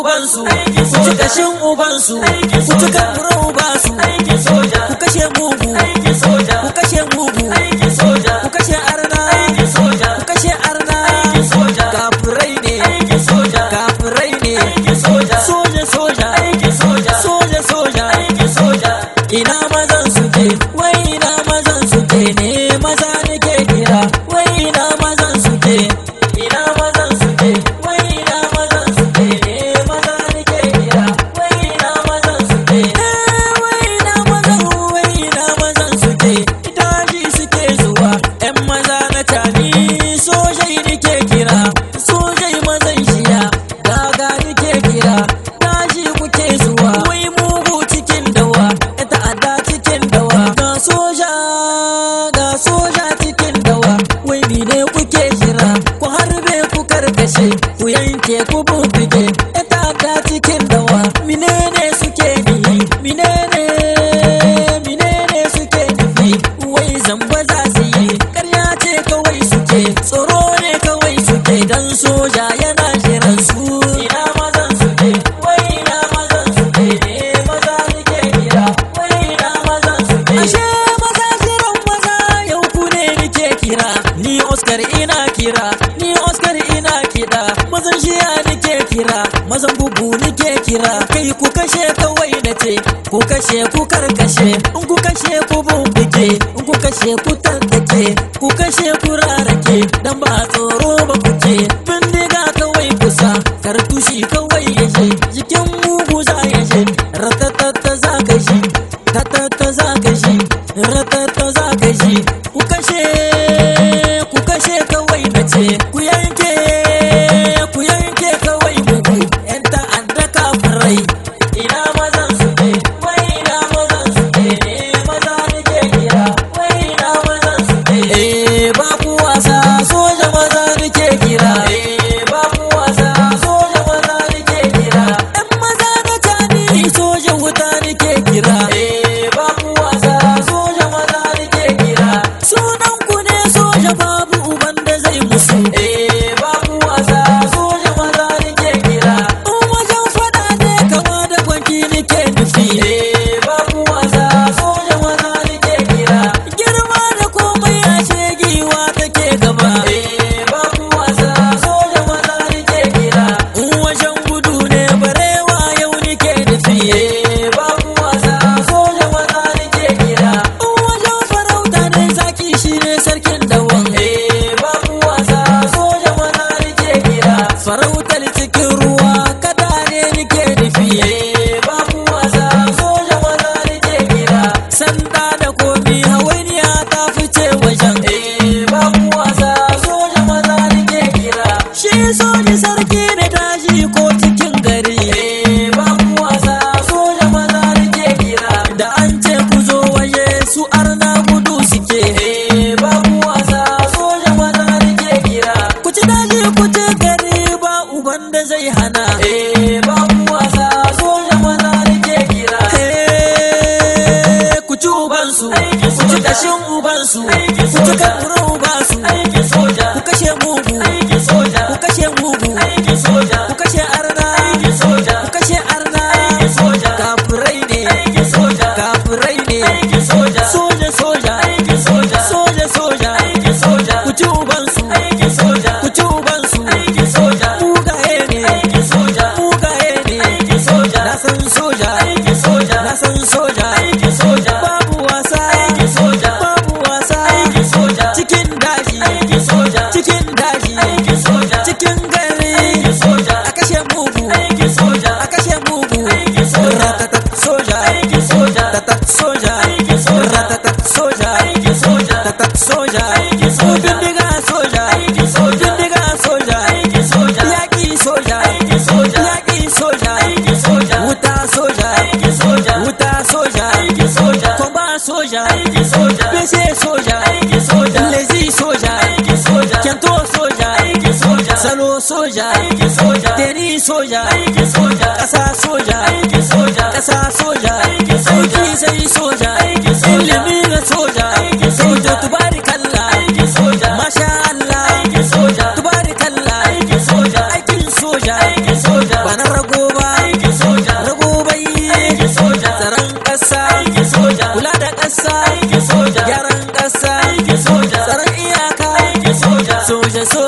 ubansu ku ci kashin ubansu ku ci kan ubansu ku kashe mugu ku kashe mugu ku kashe arna ku kashe arna kafirai ne kafirai ne soja soja soja soja soja ina maza ke kira ku harbe ku karkashe ku yanke ku bubbuke ni Oscar ina kiɗa mazan shiya nake kira mazan bubu nake kira kai ku kashe kawai na ce ku kashe ku karkashe in ku kashe ku bumbuke in ku kashe ku tattake ku kashe ku rarake dan ba tsoro ba kuke bindiga kawai kusa tushi ka. farautar cikin wanda zai hana eh babu wasa so da maza nake kira eh ku ci ubansu ku ci ubansu ku ci salo soja aiki soja teri soja aiki soja ƙasa soja aiki soja ƙasa soja aiki soja sai soja aiki soja ilimi na soja aiki soja kalla, aiki soja masha Allah aiki soja kalla, aiki soja aikin soja aiki soja bana na rago ba aiki soja rago bai aiki soja tsaron ƙasa aiki soja kula da ƙasa aiki soja gyaran ƙasa aiki soja tsaron iyaka aiki soja soja soja